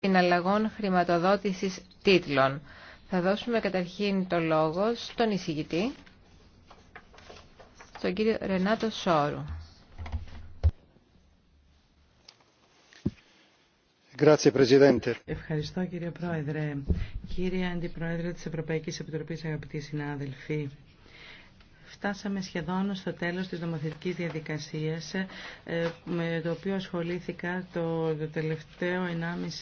συναλλαγών χρηματοδότησης τίτλων. Θα δώσουμε καταρχήν το λόγο στον εισηγητή, τον κύριο Ρενάτο Σόρου. Ευχαριστώ κύριε Πρόεδρε. Κύριε Αντιπρόεδρε της Ευρωπαϊκής Επιτροπής, αγαπητοί συνάδελφοι. Φτάσαμε σχεδόν στο τέλος της νομοθετικής διαδικασίας ε, με το οποίο ασχολήθηκα το τελευταίο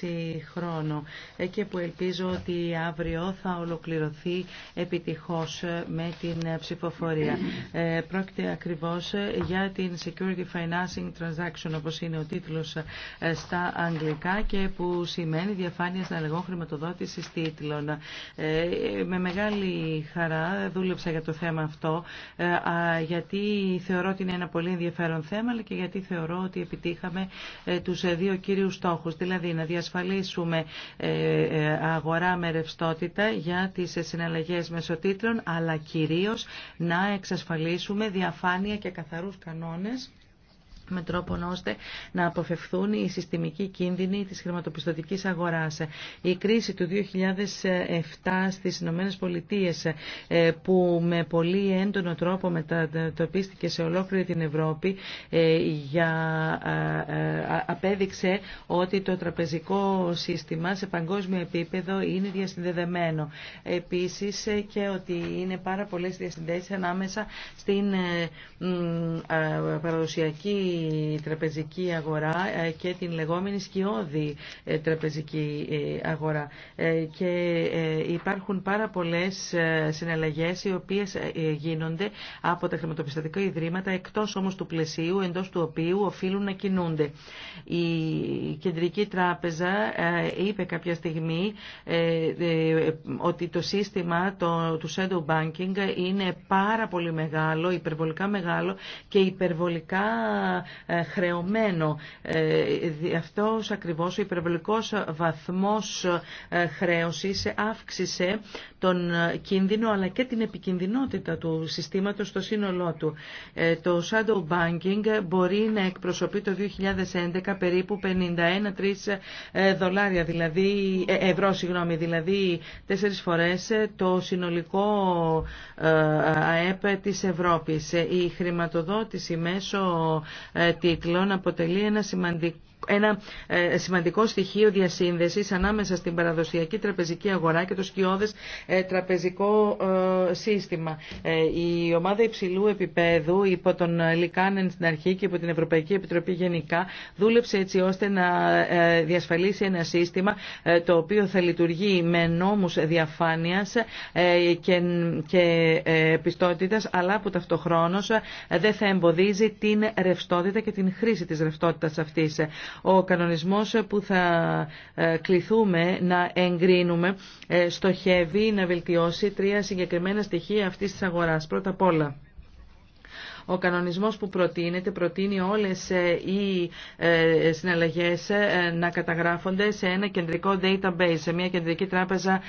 1,5 χρόνο ε, και που ελπίζω ότι αύριο θα ολοκληρωθεί επιτυχώς ε, με την ψηφοφορία. Πρόκειται ακριβώς για την Security Financing Transaction όπως είναι ο τίτλος στα αγγλικά και που σημαίνει διαφάνεια συναλλαγών χρηματοδότησης τίτλων. Με μεγάλη χαρά δούλεψα για το θέμα αυτό ε, γιατί θεωρώ ότι είναι ένα πολύ ενδιαφέρον θέμα, αλλά και γιατί θεωρώ ότι επιτύχαμε ε, τους ε, δύο κύριους στόχους, δηλαδή να διασφαλίσουμε αγορά με ρευστότητα για τις συναλλαγές μεσοτήτρων, αλλά κυρίως να εξασφαλίσουμε διαφάνεια και καθαρούς κανόνες με τρόπο ώστε να αποφευθούν οι συστημικοί κίνδυνοι της χρηματοπιστωτικής αγοράς. Η κρίση του 2007 στις Ηνωμένε Πολιτείες ε, που με πολύ έντονο τρόπο μετατοπίστηκε σε ολόκληρη την Ευρώπη ε, για, ε, απέδειξε ότι το τραπεζικό σύστημα σε παγκόσμιο επίπεδο είναι διασυνδεδεμένο. Επίσης και ότι είναι πάρα πολλές διασυνδέσεις ανάμεσα στην παραδοσιακή τραπεζική αγορά ε, και την λεγόμενη σκιώδη ε, τραπεζική ε, αγορά. Και υπάρχουν πάρα πολλές συναλλαγές οι οποίες γίνονται από τα χρηματοπιστωτικά ιδρύματα εκτός όμως του πλαισίου εντός του οποίου οφείλουν να κινούνται. Η Κεντρική Τράπεζα είπε κάποια στιγμή ότι το σύστημα του shadow banking είναι πάρα πολύ μεγάλο, υπερβολικά μεγάλο και υπερβολικά ε, χρεωμένο. Ε, αυτός ακριβώς ο υπερβολικός βαθμός ε, χρέωσης αύξησε τον κίνδυνο αλλά και την επικινδυνότητα του συστήματος στο σύνολό του. Το shadow banking μπορεί να εκπροσωπεί το 2011 περίπου δολάρια, δηλαδή, ευρώ, συγγνώμη, δηλαδή τέσσερις φορές το συνολικό ΑΕΠ της Ευρώπης. Η χρηματοδότηση μέσω ε, τίτλων αποτελεί ένα σημαντικό ένα ε, σημαντικό στοιχείο διασύνδεσης ανάμεσα στην παραδοσιακή τραπεζική αγορά και το σκιώδες ε, τραπεζικό ε, σύστημα. Η ομάδα υψηλού επίπεδου υπό τον Λικάνεν στην αρχή και υπό την Ευρωπαϊκή Επιτροπή γενικά δούλεψε έτσι ώστε να διασφαλίσει ένα σύστημα το οποίο θα λειτουργεί με νόμους διαφάνειας και πιστότητα, αλλά που ε, δεν θα εμποδίζει την ρευστότητα και την χρήση τη ρευστότητα αυτής. Ο κανονισμός που θα ε, κληθούμε να εγκρίνουμε ε, στοχεύει να βελτιώσει τρία συγκεκριμένα στοιχεία αυτής της αγοράς. Πρώτα απ' όλα ο κανονισμός που προτείνεται προτείνει όλες ε, οι ε, συναλλαγές ε, να καταγράφονται σε ένα κεντρικό database, σε μια κεντρική τράπεζα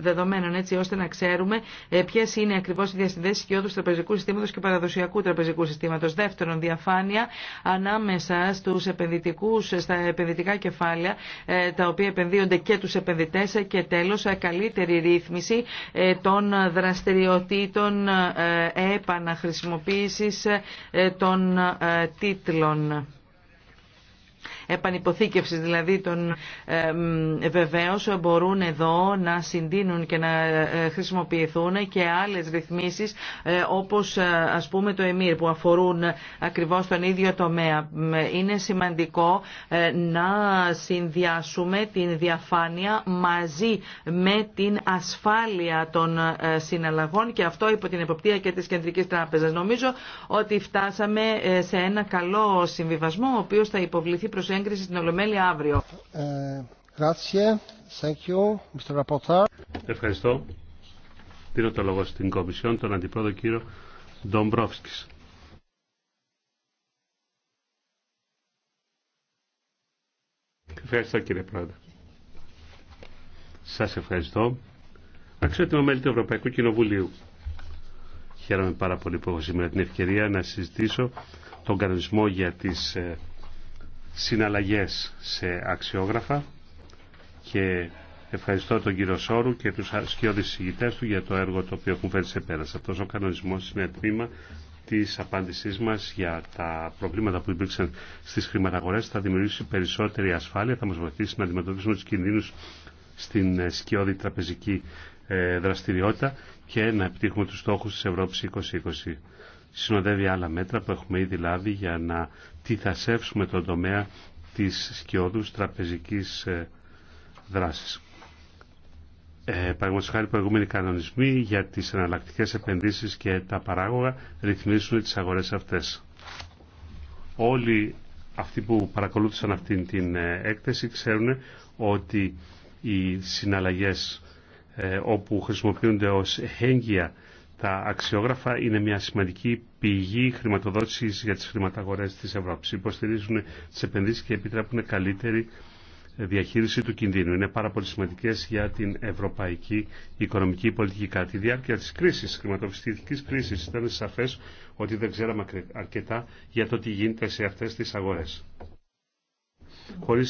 δεδομένων, έτσι ώστε να ξέρουμε ποιε είναι ακριβώ οι διασυνδέσει και του τραπεζικού συστήματο και παραδοσιακού τραπεζικού συστήματο. Δεύτερον, διαφάνεια ανάμεσα στους επενδυτικούς, στα επενδυτικά κεφάλαια τα οποία επενδύονται και τους επενδυτές και τέλος καλύτερη ρύθμιση των δραστηριοτήτων επαναχρησιμοποίησης χρησιμοποίησης ε, των ε, τίτλων επανυποθήκευση δηλαδή των βεβαίω μπορούν εδώ να συντείνουν και να ε, χρησιμοποιηθούν και άλλες ρυθμίσεις ε, όπως ε, ας πούμε το ΕΜΙΡ που αφορούν ακριβώς τον ίδιο τομέα. Είναι σημαντικό να συνδυάσουμε την διαφάνεια μαζί με την ασφάλεια των συναλλαγών και αυτό υπό την εποπτεία και της Κεντρικής Τράπεζας. Νομίζω ότι φτάσαμε σε ένα καλό συμβιβασμό ο οποίος θα υποβληθεί προς έγκριση στην Ολομέλεια αύριο. Ε, ευχαριστώ. Δίνω το λόγο στην Κομισιόν, τον Αντιπρόεδρο κύριο Ντομπρόφσκης. Ευχαριστώ κύριε Πρόεδρε. Σας ευχαριστώ. Αξιότιμο μέλη του Ευρωπαϊκού Κοινοβουλίου. Χαίρομαι πάρα πολύ που έχω σήμερα την ευκαιρία να συζητήσω τον κανονισμό για τις ε, συναλλαγές σε αξιόγραφα και ευχαριστώ τον κύριο Σόρου και τους σκιώδεις συγητές του για το έργο το οποίο έχουν φέρει σε πέρας. Αυτός ο κανονισμός είναι τμήμα της απάντησής μας για τα προβλήματα που υπήρξαν στις χρηματαγορές θα δημιουργήσει περισσότερη ασφάλεια, θα μας βοηθήσει να αντιμετωπίσουμε τους κινδύνους στην ε, σκιώδη τραπεζική ε, δραστηριότητα και να επιτύχουμε τους στόχους της Ευρώπης 2020 συνοδεύει άλλα μέτρα που έχουμε ήδη λάβει για να τυθασεύσουμε τον τομέα της σκιώδους τραπεζικής ε, δράσης. Ε, οι χάρη, προηγούμενοι κανονισμοί για τις εναλλακτικέ επενδύσεις και τα παράγωγα ρυθμίσουν τις αγορές αυτές. Όλοι αυτοί που παρακολούθησαν αυτή την ε, έκθεση ξέρουν ότι οι συναλλαγές ε, όπου χρησιμοποιούνται ως έγκυα τα αξιόγραφα είναι μια σημαντική πηγή χρηματοδότησης για τις χρηματαγορές της Ευρώπης. Υποστηρίζουν τις επενδύσεις και επιτρέπουν καλύτερη διαχείριση του κινδύνου. Είναι πάρα πολύ σημαντικέ για την ευρωπαϊκή οικονομική πολιτική. Κατά τη διάρκεια τη κρίση, τη χρηματοπιστωτική κρίση, ήταν σαφέ ότι δεν ξέραμε αρκετά για το τι γίνεται σε αυτέ τι αγορέ. Χωρί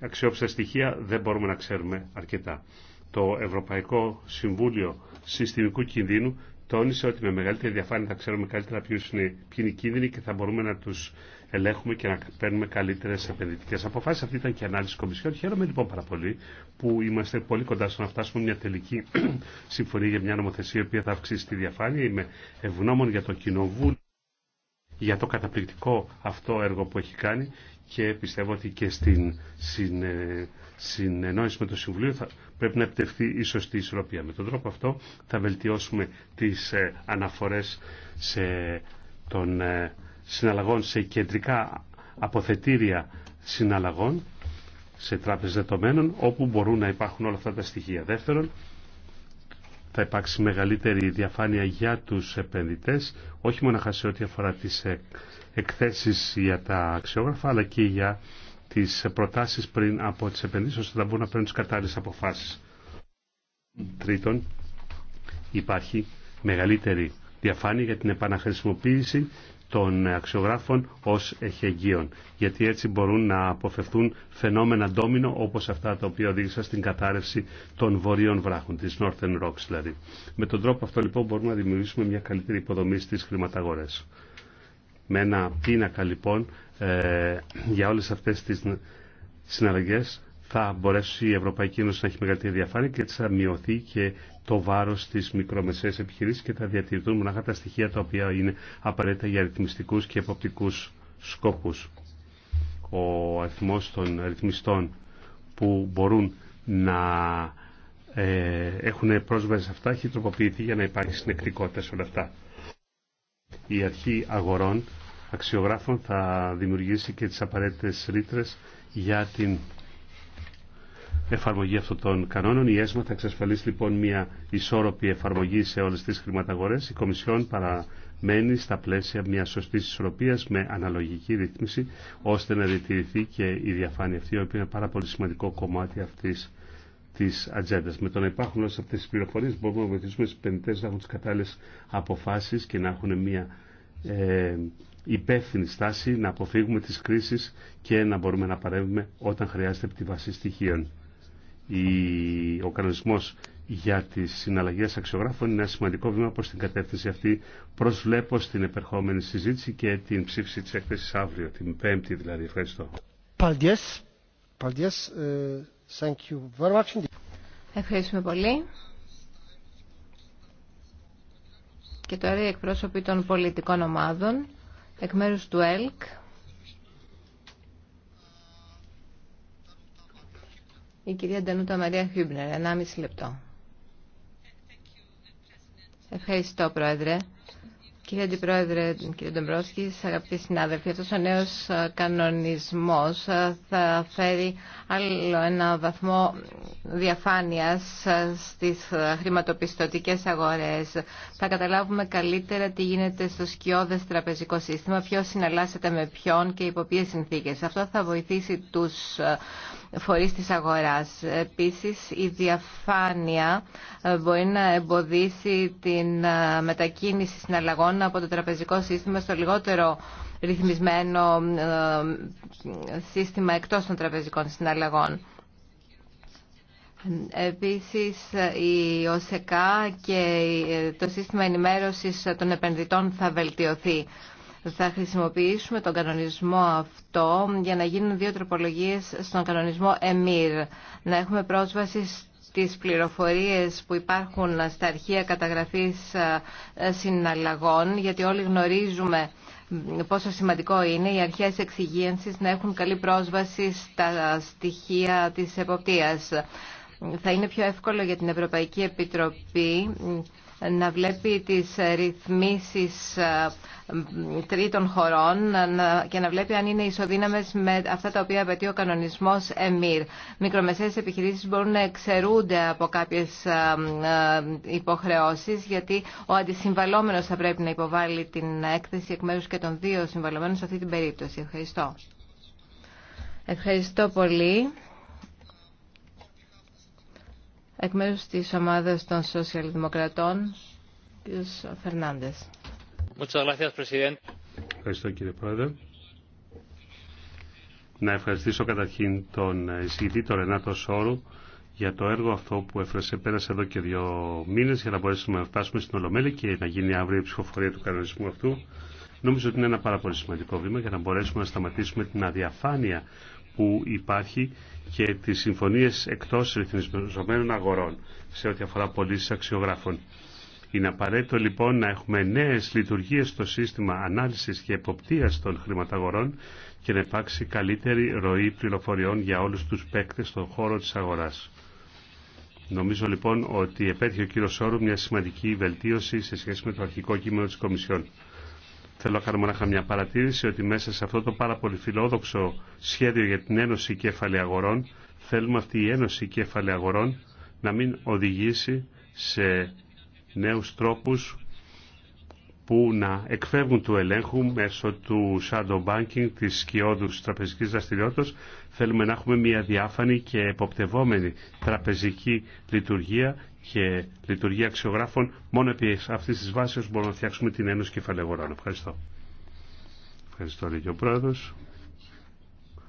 αξιόπιστα στοιχεία δεν μπορούμε να ξέρουμε αρκετά. Το Ευρωπαϊκό Συμβούλιο συστημικού κινδύνου τόνισε ότι με μεγαλύτερη διαφάνεια θα ξέρουμε καλύτερα ποιο είναι, ποιοι είναι οι κίνδυνοι και θα μπορούμε να τους ελέγχουμε και να παίρνουμε καλύτερε επενδυτικέ αποφάσει. Αυτή ήταν και η ανάλυση Κομισιόν. Χαίρομαι λοιπόν πάρα πολύ που είμαστε πολύ κοντά στο να φτάσουμε μια τελική συμφωνία για μια νομοθεσία η οποία θα αυξήσει τη διαφάνεια. Είμαι ευγνώμων για το Κοινοβούλιο για το καταπληκτικό αυτό έργο που έχει κάνει και πιστεύω ότι και στην συνεννόηση με το Συμβουλίο θα πρέπει να επιτευχθεί η σωστή ισορροπία. Με τον τρόπο αυτό θα βελτιώσουμε τις ε, αναφορές σε των ε, συναλλαγών σε κεντρικά αποθετήρια συναλλαγών σε τράπεζες δεδομένων όπου μπορούν να υπάρχουν όλα αυτά τα στοιχεία. Δεύτερον, θα υπάρξει μεγαλύτερη διαφάνεια για τους επενδυτές, όχι μόνο σε ό,τι αφορά τις ε, εκθέσεις για τα αξιόγραφα, αλλά και για τις προτάσεις πριν από τις επενδύσεις, ώστε να μπορούν να παίρνουν τις κατάλληλες αποφάσεις. Τρίτον, υπάρχει μεγαλύτερη διαφάνεια για την επαναχρησιμοποίηση των αξιογράφων ως εχεγείων. Γιατί έτσι μπορούν να αποφευθούν φαινόμενα ντόμινο όπως αυτά τα οποία οδήγησαν στην κατάρρευση των βορείων βράχων, της Northern Rocks δηλαδή. Με τον τρόπο αυτό λοιπόν μπορούμε να δημιουργήσουμε μια καλύτερη υποδομή στις χρηματαγορές. Με ένα πίνακα λοιπόν ε, για όλες αυτές τις συναλλαγές θα μπορέσει η Ευρωπαϊκή Ένωση να έχει μεγαλύτερη διαφάνεια και έτσι θα μειωθεί και το βάρο στι μικρομεσαίας επιχειρήσει και θα διατηρηθούν μονάχα τα στοιχεία τα οποία είναι απαραίτητα για αριθμιστικού και εποπτικού σκόπου. Ο αριθμό των αριθμιστών που μπορούν να ε, έχουν πρόσβαση σε αυτά έχει τροποποιηθεί για να υπάρχει συνεκτικότητα σε όλα αυτά. Η αρχή αγορών αξιογράφων θα δημιουργήσει και τις απαραίτητες ρήτρε για την εφαρμογή αυτών των κανόνων. Η ΕΣΜΑ θα εξασφαλίσει λοιπόν μια ισόρροπη εφαρμογή σε όλε τι χρηματαγορές. Η Κομισιόν παραμένει στα πλαίσια μια σωστή ισορροπία με αναλογική ρύθμιση ώστε να διατηρηθεί και η διαφάνεια αυτή, η οποία είναι πάρα πολύ σημαντικό κομμάτι αυτή τη ατζέντα. Με το να υπάρχουν όλε αυτέ τι πληροφορίε, μπορούμε να βοηθήσουμε του επενδυτέ να έχουν τι κατάλληλε αποφάσεις και να έχουν μια ε, υπεύθυνη στάση, να αποφύγουμε τις κρίσεις και να μπορούμε να παρέμβουμε όταν χρειάζεται από στοιχείων ο κανονισμός για τις συναλλαγές αξιογράφων είναι ένα σημαντικό βήμα προς την κατεύθυνση αυτή. Προσβλέπω στην επερχόμενη συζήτηση και την ψήφιση της έκθεσης αύριο, την Πέμπτη δηλαδή. Ευχαριστώ. Ε, Ευχαριστούμε πολύ. Και τώρα οι εκπρόσωποι των πολιτικών ομάδων εκ μέρους του ΕΛΚ. Η κυρία Ντανούτα Μαρία Χιούμπνερ, 1,5 λεπτό. Ευχαριστώ, Πρόεδρε. Κύριε Αντιπρόεδρε, κύριε Ντομπρόσκη, αγαπητοί συνάδελφοι, αυτός ο νέος ε, κανονισμός ε, θα φέρει άλλο ένα βαθμό διαφάνειας ε, στις χρηματοπιστωτικές αγορές. Θα καταλάβουμε καλύτερα τι γίνεται στο σκιώδες τραπεζικό σύστημα, ποιος συναλλάσσεται με ποιον και υπό ποιες συνθήκες. Αυτό θα βοηθήσει τους φορείς της αγοράς. Επίσης, η διαφάνεια μπορεί να εμποδίσει την μετακίνηση συναλλαγών από το τραπεζικό σύστημα στο λιγότερο ρυθμισμένο ε, σύστημα εκτός των τραπεζικών συναλλαγών. Επίσης, η ΟΣΕΚΑ και ε, το σύστημα ενημέρωσης των επενδυτών θα βελτιωθεί. Θα χρησιμοποιήσουμε τον κανονισμό αυτό για να γίνουν δύο τροπολογίες στον κανονισμό ΕΜΙΡ. Να έχουμε πρόσβαση τις πληροφορίες που υπάρχουν στα αρχεία καταγραφής ε, συναλλαγών, γιατί όλοι γνωρίζουμε πόσο σημαντικό είναι οι αρχές εξυγίανσης να έχουν καλή πρόσβαση στα στοιχεία της εποπτείας. Θα είναι πιο εύκολο για την Ευρωπαϊκή Επιτροπή να βλέπει τις ρυθμίσεις ε, τρίτων χωρών και να βλέπει αν είναι ισοδύναμες με αυτά τα οποία απαιτεί ο κανονισμός ΕΜΙΡ. Μικρομεσαίες επιχειρήσεις μπορούν να εξαιρούνται από κάποιες ε, ε, υποχρεώσεις γιατί ο αντισυμβαλόμενος θα πρέπει να υποβάλει την έκθεση εκ μέρους και των δύο συμβαλωμένων σε αυτή την περίπτωση. Ευχαριστώ. Ευχαριστώ πολύ. Εκ μέρους της ομάδας των Σοσιαλδημοκρατών, κ. Φερνάντες. Ευχαριστώ κύριε Πρόεδρε. Να ευχαριστήσω καταρχήν τον εισηγητή, τον Ρενάτο Σόρου, για το έργο αυτό που έφερε πέρασε εδώ και δύο μήνε για να μπορέσουμε να φτάσουμε στην Ολομέλη και να γίνει αύριο η ψηφοφορία του κανονισμού αυτού. Νομίζω ότι είναι ένα πάρα πολύ σημαντικό βήμα για να μπορέσουμε να σταματήσουμε την αδιαφάνεια που υπάρχει και τις συμφωνίες εκτός ρυθμισμένων αγορών σε ό,τι αφορά πωλήσει αξιογράφων. Είναι απαραίτητο λοιπόν να έχουμε νέες λειτουργίες στο σύστημα ανάλυσης και εποπτείας των χρηματαγορών και να υπάρξει καλύτερη ροή πληροφοριών για όλους τους παίκτες στον χώρο της αγοράς. Νομίζω λοιπόν ότι επέτυχε ο κύριο Σόρου μια σημαντική βελτίωση σε σχέση με το αρχικό κείμενο της Κομισιόν. Θέλω να κάνω μια παρατήρηση ότι μέσα σε αυτό το πάρα πολύ φιλόδοξο σχέδιο για την Ένωση Κέφαλη Αγορών θέλουμε αυτή η Ένωση Κέφαλη Αγορών να μην οδηγήσει σε νέους τρόπους που να εκφεύγουν του ελέγχου μέσω του shadow banking, της σκιώδους τραπεζικής δραστηριότητας. Θέλουμε να έχουμε μια διάφανη και εποπτευόμενη τραπεζική λειτουργία και λειτουργία αξιογράφων, μόνο επί αυτή τη βάση μπορούμε να φτιάξουμε την Ένωση Κεφαλαίου Ευχαριστώ. Ευχαριστώ, λέει και ο πρόεδρο.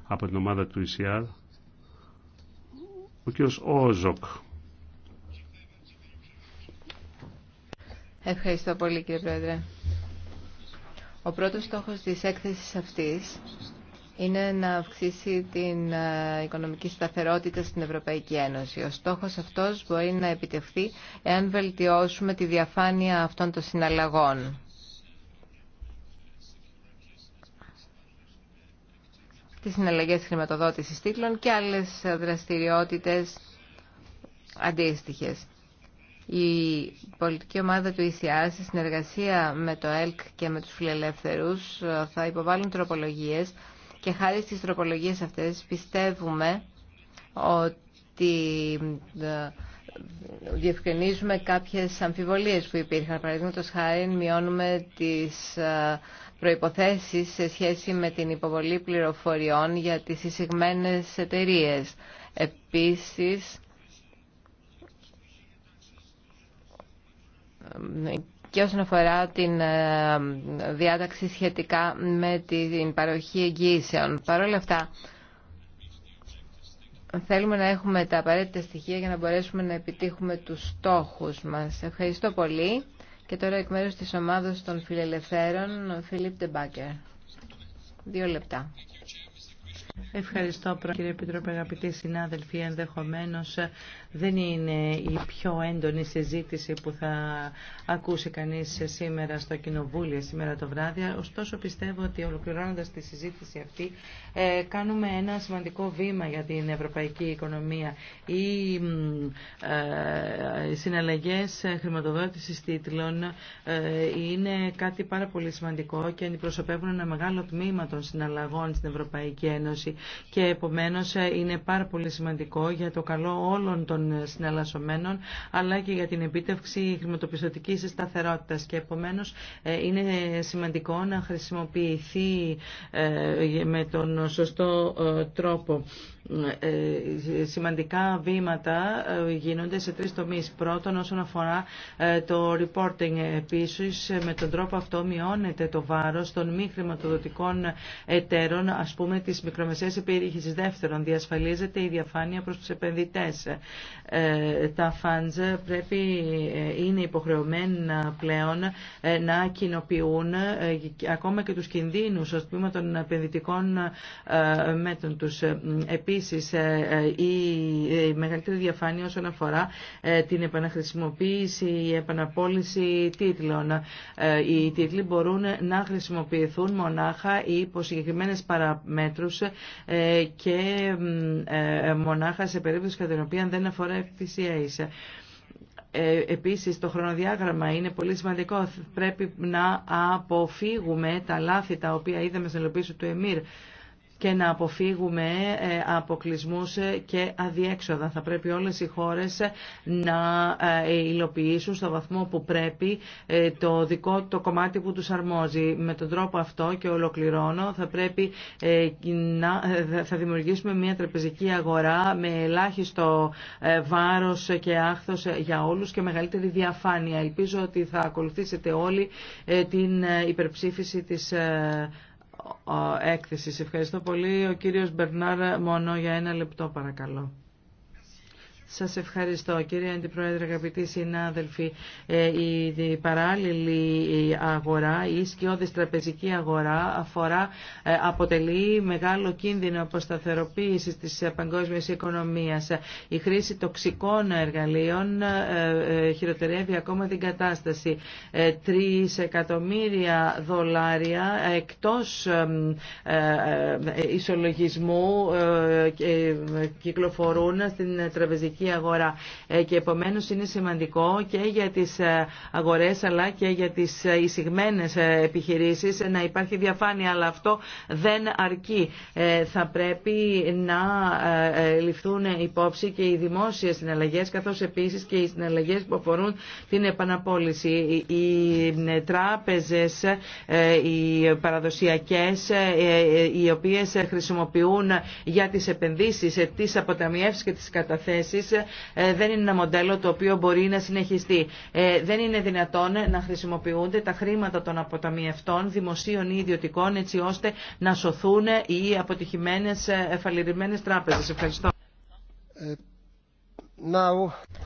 Από την ομάδα του ECR, ο κ. Όζοκ. Ευχαριστώ πολύ, κύριε Πρόεδρε. Ο πρώτος στόχος της έκθεσης αυτής είναι να αυξήσει την ε, οικονομική σταθερότητα στην Ευρωπαϊκή Ένωση. Ο στόχος αυτός μπορεί να επιτευχθεί εάν βελτιώσουμε τη διαφάνεια αυτών των συναλλαγών. τις συναλλαγές χρηματοδότησης τίτλων και άλλες δραστηριότητες αντίστοιχες. Η πολιτική ομάδα του ECR στη συνεργασία με το ΕΛΚ και με τους φιλελεύθερους ε, θα υποβάλουν τροπολογίες και χάρη στις τροπολογίες αυτές πιστεύουμε ότι ε, διευκρινίζουμε κάποιες αμφιβολίες που υπήρχαν. Παραδείγματος χάρη μειώνουμε τις ε, προϋποθέσεις σε σχέση με την υποβολή πληροφοριών για τις εισηγμένες εταιρείε. Επίσης, ε, και όσον αφορά την ε, διάταξη σχετικά με την παροχή εγγύησεων. Παρ' όλα αυτά, θέλουμε να έχουμε τα απαραίτητα στοιχεία για να μπορέσουμε να επιτύχουμε τους στόχους μας. Ευχαριστώ πολύ. Και τώρα εκ μέρους της ομάδας των φιλελευθέρων, Φιλίπ Τεμπάκερ. Δύο λεπτά. Ευχαριστώ κύριε Επιτρόπε, αγαπητοί συνάδελφοι. Ενδεχομένως δεν είναι η πιο έντονη συζήτηση που θα ακούσει κανείς σήμερα στο Κοινοβούλιο, σήμερα το βράδυ. Ωστόσο πιστεύω ότι ολοκληρώνοντας τη συζήτηση αυτή ε, κάνουμε ένα σημαντικό βήμα για την ευρωπαϊκή οικονομία. Οι ε, συναλλαγές χρηματοδότησης τίτλων ε, είναι κάτι πάρα πολύ σημαντικό και αντιπροσωπεύουν ένα μεγάλο τμήμα των συναλλαγών στην Ευρωπαϊκή Ένωση. Και επομένως ε, είναι πάρα πολύ σημαντικό για το καλό όλων των συναλλασσομένων αλλά και για την επίτευξη χρηματοπιστωτική σταθερότητας. Και επομένως ε, είναι σημαντικό να χρησιμοποιηθεί ε, με τον σωστό τρόπο ε, ε, σημαντικά βήματα ε, γίνονται σε τρεις τομείς. Πρώτον όσον αφορά το reporting επίσης με τον τρόπο αυτό μειώνεται το βάρος των μη χρηματοδοτικών εταίρων ας πούμε της μικρομεσαίας επιρρήχησης. Δεύτερον διασφαλίζεται η διαφάνεια προς τους επενδυτές. Τα funds πρέπει είναι υποχρεωμένα πλέον να κοινοποιούν ακόμα και τους κινδύνους ως πούμε των επενδυτικών μέτρων τους. Επίσης, ε, ε, ε, η μεγαλύτερη διαφάνεια όσον αφορά την επαναχρησιμοποίηση, η επαναπόληση τίτλων. Οι τίτλοι μπορούν να χρησιμοποιηθούν μονάχα υπό συγκεκριμένε παραμέτρους και μονάχα σε περίπτωση κατά την οποία δεν αφορά Ε, Επίσης το χρονοδιάγραμμα είναι πολύ σημαντικό. Πρέπει να αποφύγουμε τα λάθη τα οποία είδαμε στην ελοπίση του ΕΜΙΡ και να αποφύγουμε ε, αποκλεισμούς και αδιέξοδα. Θα πρέπει όλες οι χώρες να ε, υλοποιήσουν στο βαθμό που πρέπει ε, το δικό το κομμάτι που τους αρμόζει. Με τον τρόπο αυτό και ολοκληρώνω θα πρέπει να θα δημιουργήσουμε μια τραπεζική αγορά με ελάχιστο βάρος και άχθος για όλους και μεγαλύτερη διαφάνεια. Ελπίζω ότι θα ακολουθήσετε όλοι την υπερψήφιση της Εκθεση. Ευχαριστώ πολύ. Ο κύριος Μπερνάρ μόνο για ένα λεπτό παρακαλώ. Σας ευχαριστώ κύριε Αντιπρόεδρε, αγαπητοί συνάδελφοι. Ε, η παράλληλη αγορά, η σκιώδης τραπεζική αγορά αφορά, ε, αποτελεί μεγάλο κίνδυνο αποσταθεροποίησης της παγκόσμιας οικονομίας. Η χρήση τοξικών εργαλείων ε, χειροτερεύει ακόμα την κατάσταση. 3 εκατομμύρια δολάρια εκτός ισολογισμού κυκλοφορούν στην τραπεζική ελληνική αγορά ε, και επομένως είναι σημαντικό και για τις ε, αγορές αλλά και για τις ε, εισηγμένες επιχειρήσεις να υπάρχει διαφάνεια αλλά αυτό δεν αρκεί. Θα πρέπει να ληφθούν υπόψη και οι δημόσιες συναλλαγές καθώς επίσης και οι συναλλαγές που αφορούν την επαναπόληση. Οι τράπεζες, οι παραδοσιακές, οι οποίες χρησιμοποιούν για τις επενδύσεις, τις αποταμιεύσεις και τις καταθέσεις ε, δεν είναι ένα μοντέλο το οποίο μπορεί να συνεχιστεί. Ε, δεν είναι δυνατόν να χρησιμοποιούνται τα χρήματα των αποταμιευτών δημοσίων ή ιδιωτικών έτσι ώστε να σωθούν οι αποτυχημένε, ε, εφαλειρημένε τράπεζες. Ευχαριστώ.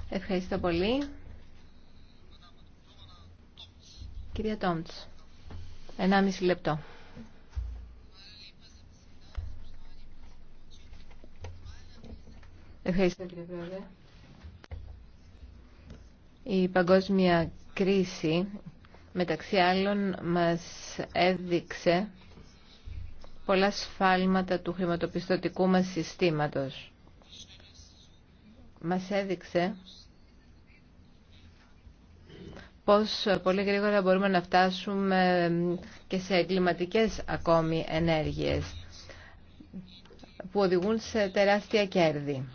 Ευχαριστώ πολύ. Κυρία Τόμτς, μισή λεπτό. Ευχαριστώ Η παγκόσμια κρίση μεταξύ άλλων μας έδειξε πολλά σφάλματα του χρηματοπιστωτικού μας συστήματος. Μας έδειξε πώς πολύ γρήγορα μπορούμε να φτάσουμε και σε εγκληματικές ακόμη ενέργειες που οδηγούν σε τεράστια κέρδη.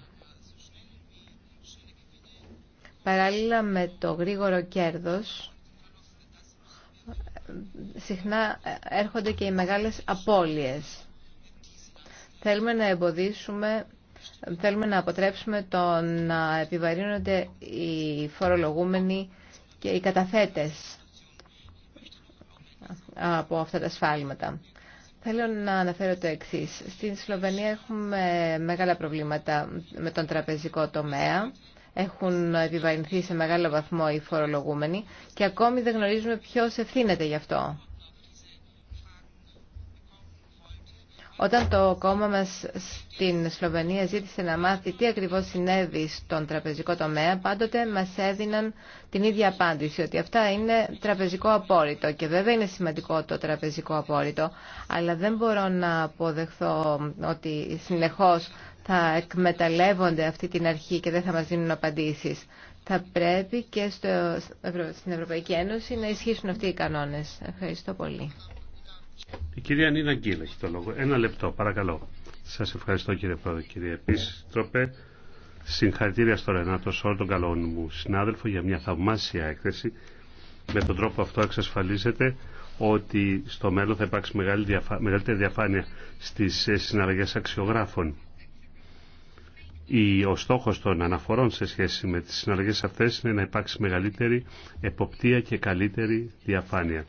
Παράλληλα με το γρήγορο κέρδος, συχνά έρχονται και οι μεγάλες απώλειες. Θέλουμε να εμποδίσουμε, θέλουμε να αποτρέψουμε το να επιβαρύνονται οι φορολογούμενοι και οι καταθέτες από αυτά τα σφάλματα. Θέλω να αναφέρω το εξής. Στην Σλοβενία έχουμε μεγάλα προβλήματα με τον τραπεζικό τομέα έχουν επιβαρυνθεί σε μεγάλο βαθμό οι φορολογούμενοι και ακόμη δεν γνωρίζουμε ποιος ευθύνεται γι' αυτό. Όταν το κόμμα μας στην Σλοβενία ζήτησε να μάθει τι ακριβώς συνέβη στον τραπεζικό τομέα, πάντοτε μας έδιναν την ίδια απάντηση, ότι αυτά είναι τραπεζικό απόρριτο. Και βέβαια είναι σημαντικό το τραπεζικό απόρριτο, αλλά δεν μπορώ να αποδεχθώ ότι συνεχώς θα εκμεταλλεύονται αυτή την αρχή και δεν θα μας δίνουν απαντήσεις. Θα πρέπει και στο, στην Ευρωπαϊκή Ένωση να ισχύσουν αυτοί οι κανόνες. Ευχαριστώ πολύ. Η κυρία Νίνα Γκίλ έχει το λόγο. Ένα λεπτό, παρακαλώ. Σας ευχαριστώ κύριε Πρόεδρε, κύριε Επίστροπε. Συγχαρητήρια στο Ρενάτο όλο τον καλό μου συνάδελφο, για μια θαυμάσια έκθεση. Με τον τρόπο αυτό εξασφαλίζεται ότι στο μέλλον θα υπάρξει μεγαλύτερη διαφάνεια στις ε, συναλλαγές αξιογράφων ο στόχος των αναφορών σε σχέση με τις συναλλαγές αυτές είναι να υπάρξει μεγαλύτερη εποπτεία και καλύτερη διαφάνεια.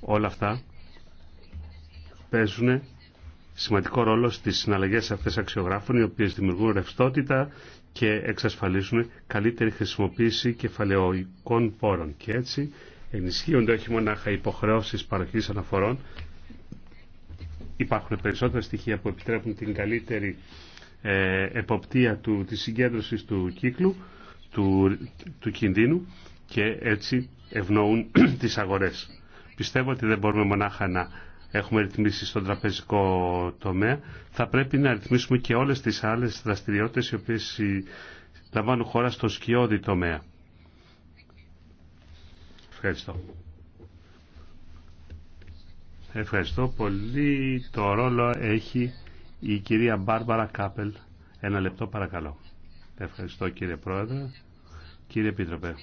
Όλα αυτά παίζουν σημαντικό ρόλο στις συναλλαγές αυτές αξιογράφων οι οποίες δημιουργούν ρευστότητα και εξασφαλίζουν καλύτερη χρησιμοποίηση κεφαλαιοϊκών πόρων και έτσι ενισχύονται όχι μονάχα υποχρεώσεις παροχής αναφορών υπάρχουν περισσότερα στοιχεία που επιτρέπουν την καλύτερη ε, εποπτεία του, της συγκέντρωσης του κύκλου, του, του κινδύνου και έτσι ευνοούν τις αγορές. Πιστεύω ότι δεν μπορούμε μονάχα να έχουμε ρυθμίσει στον τραπεζικό τομέα. Θα πρέπει να ρυθμίσουμε και όλες τις άλλες δραστηριότητες οι οποίες λαμβάνουν χώρα στο σκιώδη τομέα. Ευχαριστώ. Ευχαριστώ πολύ. Το ρόλο έχει η κυρία Μπάρμπαρα Κάπελ. Ένα λεπτό παρακαλώ. Ευχαριστώ κύριε Πρόεδρε. Κύριε Επίτροπε,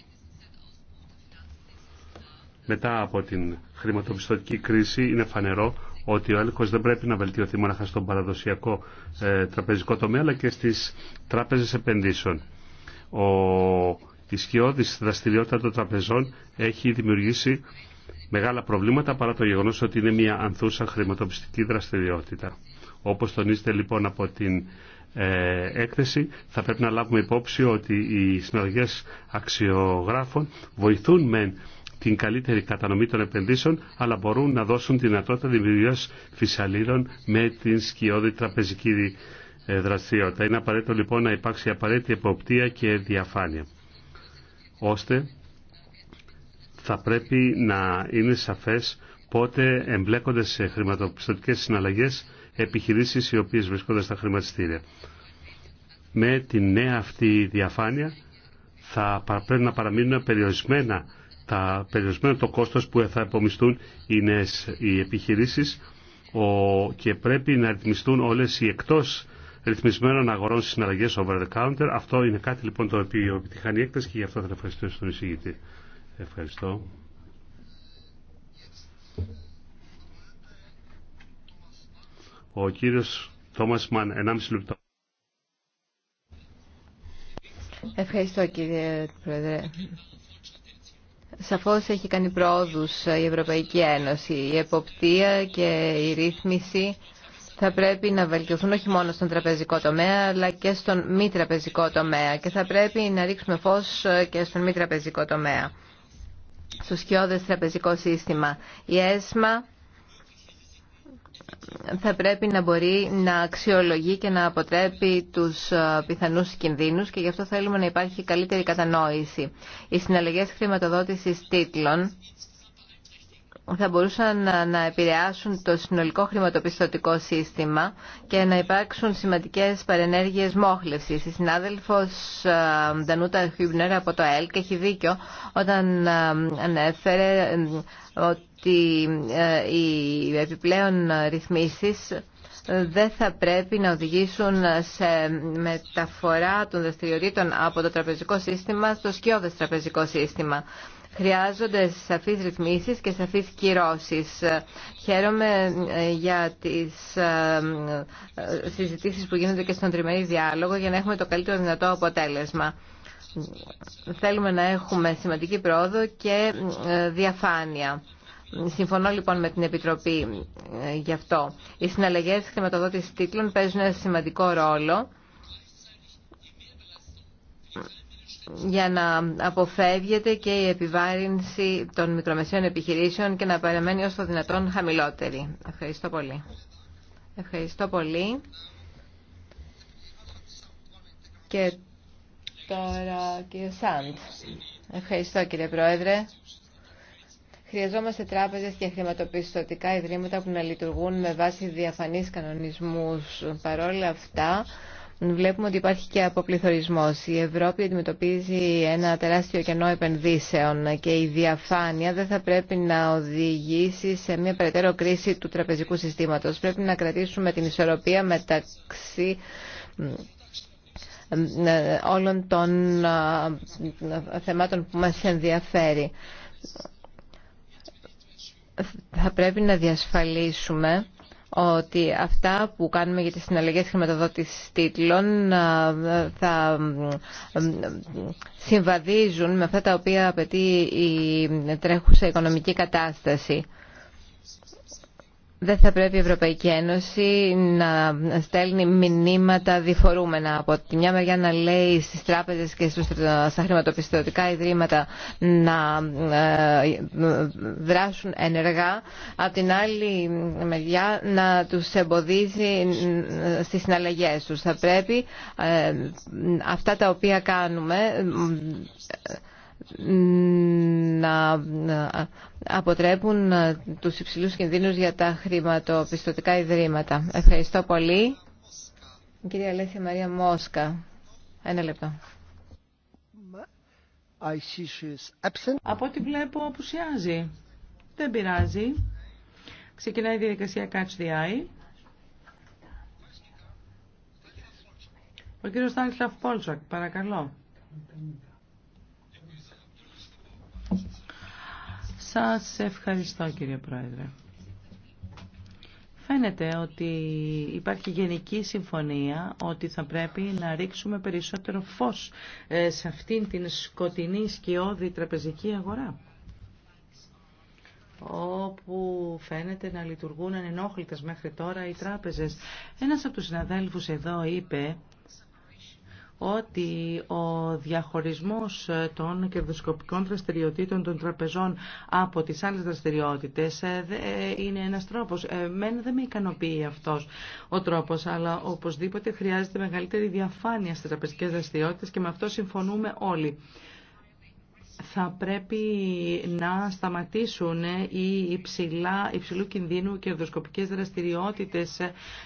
μετά από την χρηματοπιστωτική κρίση είναι φανερό ότι ο έλεγχο δεν πρέπει να βελτιωθεί μόνο στον παραδοσιακό ε, τραπεζικό τομέα αλλά και στις τράπεζες επενδύσεων. Ο η δραστηριότητα των τραπεζών έχει δημιουργήσει μεγάλα προβλήματα παρά το γεγονός ότι είναι μια ανθούσα χρηματοπιστική δραστηριότητα. Όπως τονίζεται λοιπόν από την ε, έκθεση θα πρέπει να λάβουμε υπόψη ότι οι συναλλαγές αξιογράφων βοηθούν με την καλύτερη κατανομή των επενδύσεων, αλλά μπορούν να δώσουν δυνατότητα δημιουργία φυσαλίδων με την σκιώδη τραπεζική ε, δραστηριότητα. Είναι απαραίτητο λοιπόν να υπάρξει απαραίτητη εποπτεία και διαφάνεια, ώστε θα πρέπει να είναι σαφές πότε εμπλέκονται σε χρηματοπιστωτικές συναλλαγές επιχειρήσεις οι οποίες βρίσκονται στα χρηματιστήρια. Με τη νέα αυτή διαφάνεια θα πρέπει να παραμείνουν περιορισμένα τα το κόστος που θα επομιστούν οι νέες οι επιχειρήσεις και πρέπει να ρυθμιστούν όλες οι εκτός ρυθμισμένων αγορών στις συναλλαγές over the counter. Αυτό είναι κάτι λοιπόν το οποίο επιτυχάνει η έκταση και γι' αυτό θα ευχαριστήσω τον εισηγητή. Ευχαριστώ. Ο κύριος Τόμας Μαν, 1,5 λεπτό. Ευχαριστώ κύριε Πρόεδρε. Σαφώς έχει κάνει πρόοδους η Ευρωπαϊκή Ένωση. Η εποπτεία και η ρύθμιση θα πρέπει να βελτιωθούν όχι μόνο στον τραπεζικό τομέα αλλά και στον μη τραπεζικό τομέα και θα πρέπει να ρίξουμε φως και στον μη τραπεζικό τομέα στο σκιώδες τραπεζικό σύστημα. Η ΕΣΜΑ θα πρέπει να μπορεί να αξιολογεί και να αποτρέπει τους ε, πιθανούς κινδύνους και γι' αυτό θέλουμε να υπάρχει καλύτερη κατανόηση. Οι συναλλαγές χρηματοδότησης τίτλων θα μπορούσαν να επηρεάσουν το συνολικό χρηματοπιστωτικό σύστημα και να υπάρξουν σημαντικές παρενέργειες μόχλευσης. Η συνάδελφος ε, Ντανούτα Χιουμπνέρ από το ΕΛΚ έχει δίκιο όταν ε, ανέφερε ε, ότι οι επιπλέον ρυθμίσεις δεν θα πρέπει να οδηγήσουν σε μεταφορά των δραστηριοτήτων από το τραπεζικό σύστημα στο σκιώδες τραπεζικό σύστημα. Χρειάζονται σαφείς ρυθμίσεις και σαφείς κυρώσεις. Χαίρομαι ε, για τις ε, ε, συζητήσεις που γίνονται και στον τριμερή διάλογο για να έχουμε το καλύτερο δυνατό αποτέλεσμα. Θέλουμε να έχουμε σημαντική πρόοδο και διαφάνεια. Συμφωνώ λοιπόν με την Επιτροπή γι' αυτό. Οι συναλλαγές χρηματοδότηση τίτλων παίζουν ένα σημαντικό ρόλο για να αποφεύγεται και η επιβάρυνση των μικρομεσαίων επιχειρήσεων και να παραμένει όσο το δυνατόν χαμηλότερη. Ευχαριστώ πολύ. Ευχαριστώ πολύ. Και τώρα κύριε Σάντ. Ευχαριστώ κύριε Πρόεδρε. Χρειαζόμαστε τράπεζε και χρηματοπιστωτικά ιδρύματα που να λειτουργούν με βάση διαφανεί κανονισμού. Παρόλα αυτά, βλέπουμε ότι υπάρχει και αποπληθωρισμός. Η Ευρώπη αντιμετωπίζει ένα τεράστιο κενό επενδύσεων και η διαφάνεια δεν θα πρέπει να οδηγήσει σε μια περαιτέρω κρίση του τραπεζικού συστήματος. Πρέπει να κρατήσουμε την ισορροπία μεταξύ όλων των θεμάτων που μας ενδιαφέρει. Θα πρέπει να διασφαλίσουμε ότι αυτά που κάνουμε για τις συναλλαγές χρηματοδότησης τίτλων ε, θα ε, συμβαδίζουν με αυτά τα οποία απαιτεί η τρέχουσα οικονομική κατάσταση δεν θα πρέπει η Ευρωπαϊκή Ένωση να στέλνει μηνύματα διφορούμενα από τη μια μεριά να λέει στις τράπεζες και στα χρηματοπιστωτικά ιδρύματα να ε, δράσουν ενεργά από την άλλη μεριά να τους εμποδίζει στις συναλλαγές τους. Θα πρέπει ε, αυτά τα οποία κάνουμε να αποτρέπουν ε, τους υψηλούς κινδύνους για τα χρηματοπιστωτικά ιδρύματα. Ευχαριστώ πολύ. κυρία Αλέθια Μαρία Μόσκα. Ένα λεπτό. Από ό,τι βλέπω απουσιάζει. Δεν πειράζει. Ξεκινάει η διαδικασία Catch the Eye. Ο κύριος Στάνισλαφ Πόλτσακ, παρακαλώ. Σας ευχαριστώ κύριε Πρόεδρε. Φαίνεται ότι υπάρχει γενική συμφωνία ότι θα πρέπει να ρίξουμε περισσότερο φως ε, σε αυτήν την σκοτεινή σκιώδη τραπεζική αγορά όπου φαίνεται να λειτουργούν ανενόχλητες μέχρι τώρα οι τράπεζες. Ένας από τους συναδέλφους εδώ είπε ότι ο διαχωρισμός των κερδοσκοπικών δραστηριοτήτων των τραπεζών από τις άλλες δραστηριότητες ε, είναι ένας τρόπος. Εμένα δεν με ικανοποιεί αυτός ο τρόπος, αλλά οπωσδήποτε χρειάζεται μεγαλύτερη διαφάνεια στις τραπεζικές δραστηριότητες και με αυτό συμφωνούμε όλοι θα πρέπει να σταματήσουν οι υψηλά, υψηλού κινδύνου και κερδοσκοπικές δραστηριότητες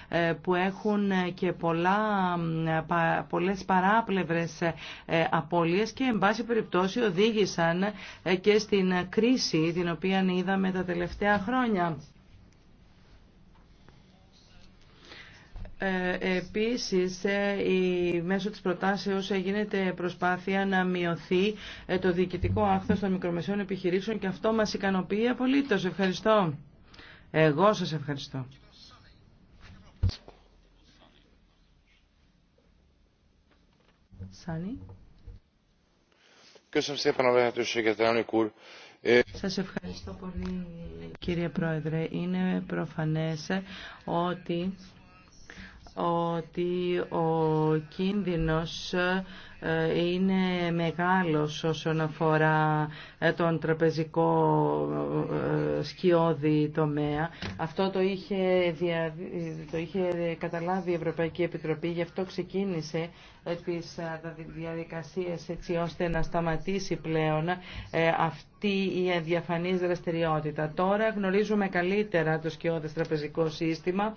ε, που έχουν και πολλά, πολλές παράπλευρες ε, απώλειες και εν πάση περιπτώσει οδήγησαν ε, και στην κρίση την οποία είδαμε τα τελευταία χρόνια. Ε, επίσης, ε, μέσω της προτάσεως γίνεται προσπάθεια να μειωθεί ε, το διοικητικό άκθος των μικρομεσαίων επιχειρήσεων και αυτό μας ικανοποιεί απολύτως. Ευχαριστώ. Εγώ σας ευχαριστώ. Σάνι. Σας ευχαριστώ πολύ κύριε Πρόεδρε. Είναι προφανές ότι ότι ο κίνδυνος ε, είναι μεγάλος όσον αφορά ε, τον τραπεζικό ε, σκιώδη τομέα. Αυτό το είχε, είχε καταλάβει η Ευρωπαϊκή Επιτροπή, γι' αυτό ξεκίνησε τις διαδικασίες έτσι ώστε να σταματήσει πλέον αυτή η διαφανής δραστηριότητα. Τώρα γνωρίζουμε καλύτερα το σκιώδες τραπεζικό σύστημα,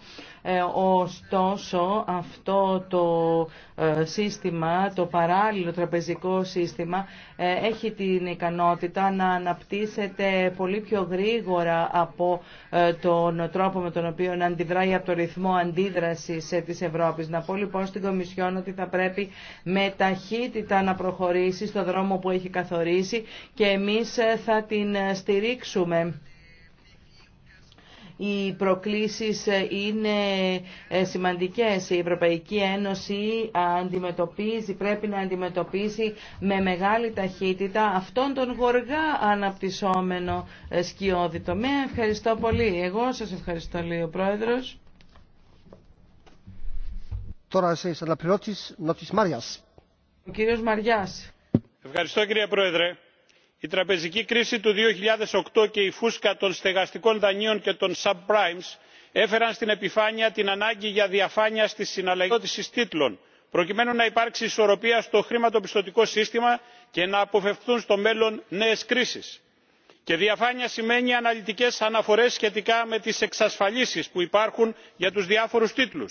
ωστόσο αυτό το σύστημα, το παράδειγμα παράλληλο τραπεζικό σύστημα ε, έχει την ικανότητα να αναπτύσσεται πολύ πιο γρήγορα από ε, τον τρόπο με τον οποίο αντιδράει από το ρυθμό αντίδρασης ε, της Ευρώπης. Να πω λοιπόν στην Κομισιόν ότι θα πρέπει με ταχύτητα να προχωρήσει στο δρόμο που έχει καθορίσει και εμείς θα την στηρίξουμε οι προκλήσεις ε, είναι ε, σημαντικές. Η Ευρωπαϊκή Ένωση αντιμετωπίζει, πρέπει να αντιμετωπίσει με μεγάλη ταχύτητα αυτόν τον γοργά αναπτυσσόμενο ε, σκιώδη τομέα. Ευχαριστώ πολύ. Εγώ σας ευχαριστώ, λέει ο Πρόεδρος. Τώρα σε αναπληρώτης Νότης Μαριάς. Ο κύριος Μαριάς. Ευχαριστώ κύριε Πρόεδρε η τραπεζική κρίση του 2008 και η φούσκα των στεγαστικών δανείων και των subprimes έφεραν στην επιφάνεια την ανάγκη για διαφάνεια στη συναλλαγή τίτλων προκειμένου να υπάρξει ισορροπία στο χρηματοπιστωτικό σύστημα και να αποφευχθούν στο μέλλον νέε κρίσει. και διαφάνεια σημαίνει αναλυτικέ αναφορέ σχετικά με τι εξασφαλίσει που υπάρχουν για του διάφορου τίτλου.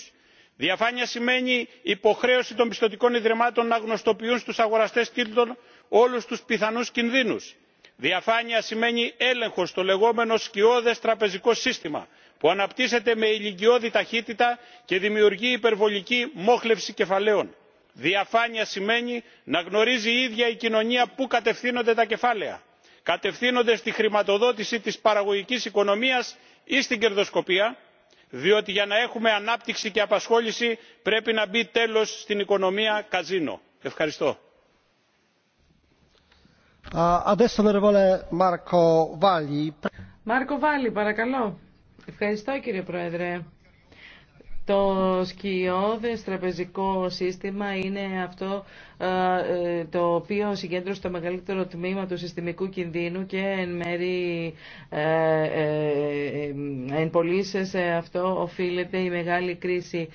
διαφάνεια σημαίνει υποχρέωση των πιστωτικών ιδρυμάτων να γνωστοποιούν στου αγοραστέ τίτλων όλους τους πιθανούς κινδύνους. διαφάνεια σημαίνει έλεγχο στο λεγόμενο σκιώδες τραπεζικό σύστημα που αναπτύσσεται με ηλικιώδη ταχύτητα και δημιουργεί υπερβολική μόχλευση κεφαλαίων. διαφάνεια σημαίνει να γνωρίζει η ίδια η κοινωνία πού κατευθύνονται τα κεφάλαια κατευθύνονται στη χρηματοδότηση της παραγωγικής οικονομίας ή στην κερδοσκοπία διότι για να έχουμε ανάπτυξη και απασχόληση πρέπει να μπει τέλος στην οικονομία καζίνο. ευχαριστώ. Μάρκο Βάλι. παρακαλώ. Ευχαριστώ κύριε Πρόεδρε. Το σκιώδες τραπεζικό σύστημα είναι αυτό ε, το οποίο συγκέντρωσε το μεγαλύτερο τμήμα του συστημικού κινδύνου και εν μέρη ε, ε, εν σε αυτό οφείλεται η μεγάλη κρίση.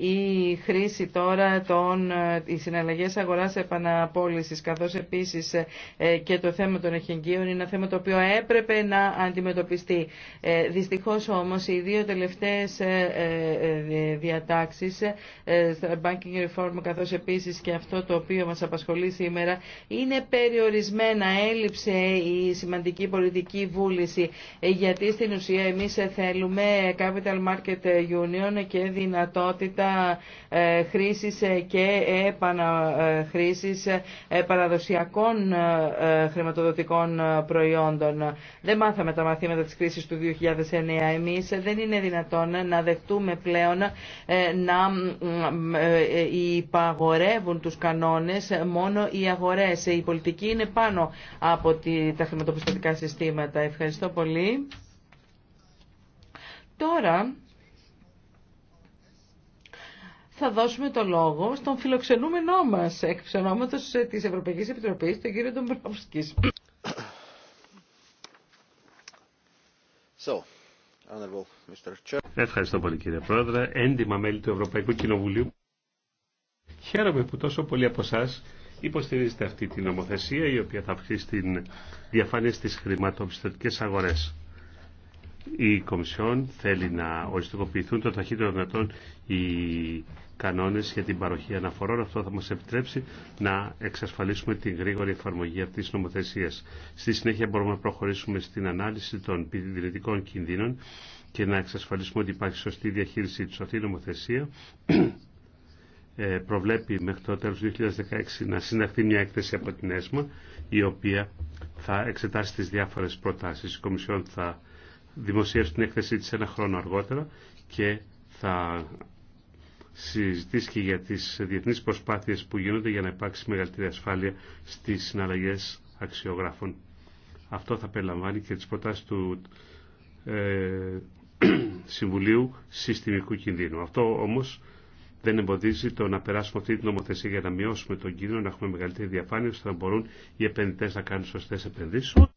Η χρήση τώρα των οι συναλλαγές αγοράς επαναπόλησης καθώς επίσης και το θέμα των εχεγγύων είναι ένα θέμα το οποίο έπρεπε να αντιμετωπιστεί. Δυστυχώς όμως οι δύο τελευταίες διατάξεις Banking Reform καθώς επίσης και αυτό το οποίο μας απασχολεί σήμερα είναι περιορισμένα, έλειψε η σημαντική πολιτική βούληση γιατί στην ουσία εμείς θέλουμε Capital Market Union και δυνατότητα ε, χρήσης και επαναχρήσης ε, παραδοσιακών ε, χρηματοδοτικών προϊόντων. Δεν μάθαμε τα μαθήματα της κρίσης του 2009 εμείς. Δεν είναι δυνατόν να δεχτούμε πλέον να υπαγορεύουν τους κανόνες κανόνες, μόνο οι αγορές. Η πολιτική είναι πάνω από τα χρηματοπιστωτικά συστήματα. Ευχαριστώ πολύ. Τώρα θα δώσουμε το λόγο στον φιλοξενούμενό μας εκ ψενόματος της Ευρωπαϊκής Επιτροπής, τον κύριο Ντομπρόφσκης. Ευχαριστώ πολύ κύριε Πρόεδρε. Έντιμα μέλη του Ευρωπαϊκού Κοινοβουλίου. Χαίρομαι που τόσο πολλοί από εσά υποστηρίζετε αυτή την νομοθεσία η οποία θα αυξήσει την διαφάνεια στις χρηματοπιστωτικές αγορές. Η Κομισιόν θέλει να οριστικοποιηθούν το ταχύτερο δυνατόν οι κανόνες για την παροχή αναφορών. Αυτό θα μας επιτρέψει να εξασφαλίσουμε την γρήγορη εφαρμογή αυτής της νομοθεσίας. Στη συνέχεια μπορούμε να προχωρήσουμε στην ανάλυση των πυρηνικών κινδύνων και να εξασφαλίσουμε ότι υπάρχει σωστή διαχείρισή του. Αυτή νομοθεσία ε, προβλέπει μέχρι το τέλος του 2016 να συνταχθεί μια έκθεση από την ΕΣΜΑ η οποία θα εξετάσει τις διάφορες προτάσεις. Η Κομισιόν θα δημοσιεύσει την έκθεσή της ένα χρόνο αργότερα και θα συζητήσει και για τις διεθνείς προσπάθειες που γίνονται για να υπάρξει μεγαλύτερη ασφάλεια στις συναλλαγές αξιογράφων. Αυτό θα περιλαμβάνει και τις προτάσεις του ε, Συμβουλίου Συστημικού Κινδύνου. Αυτό όμως δεν εμποδίζει το να περάσουμε αυτή την νομοθεσία για να μειώσουμε τον κίνδυνο, να έχουμε μεγαλύτερη διαφάνεια ώστε να μπορούν οι επενδυτέ να κάνουν σωστέ επενδύσει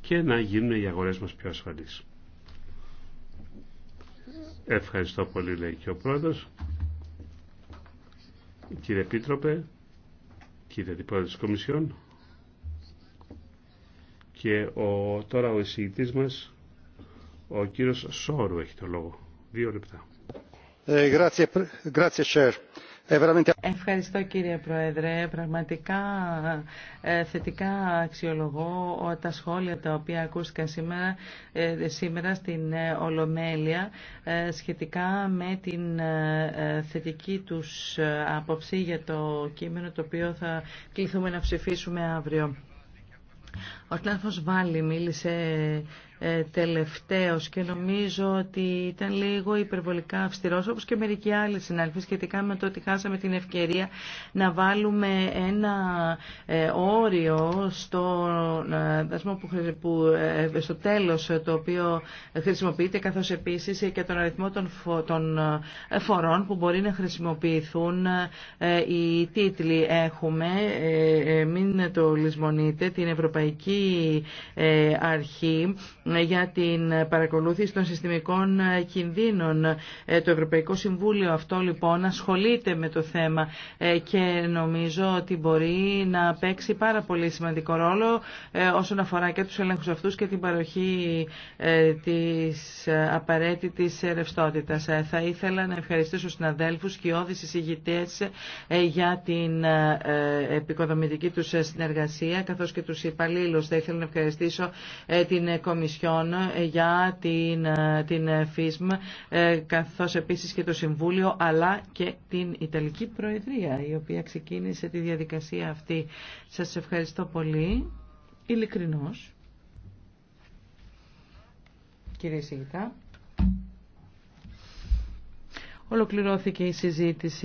και να γίνουν οι αγορέ μα πιο ασφαλεί. Ευχαριστώ πολύ, λέει και ο πρόεδρο. Κύριε Επίτροπε, κύριε Αντιπρόεδρο τη Κομισιόν και ο, τώρα ο εισηγητής μας, ο κύριος Σόρου έχει το λόγο. Δύο λεπτά. Ε, ε, Ευχαριστώ κύριε Πρόεδρε. Πραγματικά ε, θετικά αξιολογώ τα σχόλια τα οποία ακούστηκαν σήμερα, σήμερα στην Ολομέλεια σχετικά με την θετική τους άποψη για το κείμενο το οποίο θα κληθούμε να ψηφίσουμε αύριο. Ο Κλάφος Βάλλη μίλησε ε, τελευταίος και νομίζω ότι ήταν λίγο υπερβολικά αυστηρός όπως και μερικοί άλλοι συνάδελφοι σχετικά με το ότι χάσαμε την ευκαιρία να βάλουμε ένα ε, όριο στο ε, δασμό που, τέλος το οποίο χρησιμοποιείται καθώς επίσης και τον αριθμό των, των φορών που μπορεί να χρησιμοποιηθούν οι τίτλοι. Έχουμε, μην το λησμονείτε, την Ευρωπαϊκή Αρχή ναι, για την παρακολούθηση των συστημικών ε, κινδύνων. Ε, το Ευρωπαϊκό Συμβούλιο αυτό λοιπόν ασχολείται με το θέμα ε, και νομίζω ότι μπορεί να παίξει πάρα πολύ σημαντικό ρόλο όσον αφορά και τους ελέγχους αυτούς και την παροχή της απαραίτητης ρευστότητα. Θα ήθελα να ευχαριστήσω συναδέλφους και όδη συζητητές για την επικοδομητική τους συνεργασία καθώς και τους υπαλλήλους. Θα ήθελα να ευχαριστήσω την Κομισιόν ε, για την, ε, την ε, ΦΙΣΜ, καθώς επίσης και το Συμβούλιο, αλλά και την Ιταλική Προεδρία, η οποία ξεκίνησε τη διαδικασία αυτή. Σας ευχαριστώ πολύ, ειλικρινώς. Κύριε Σιγητά. Ολοκληρώθηκε η συζήτηση.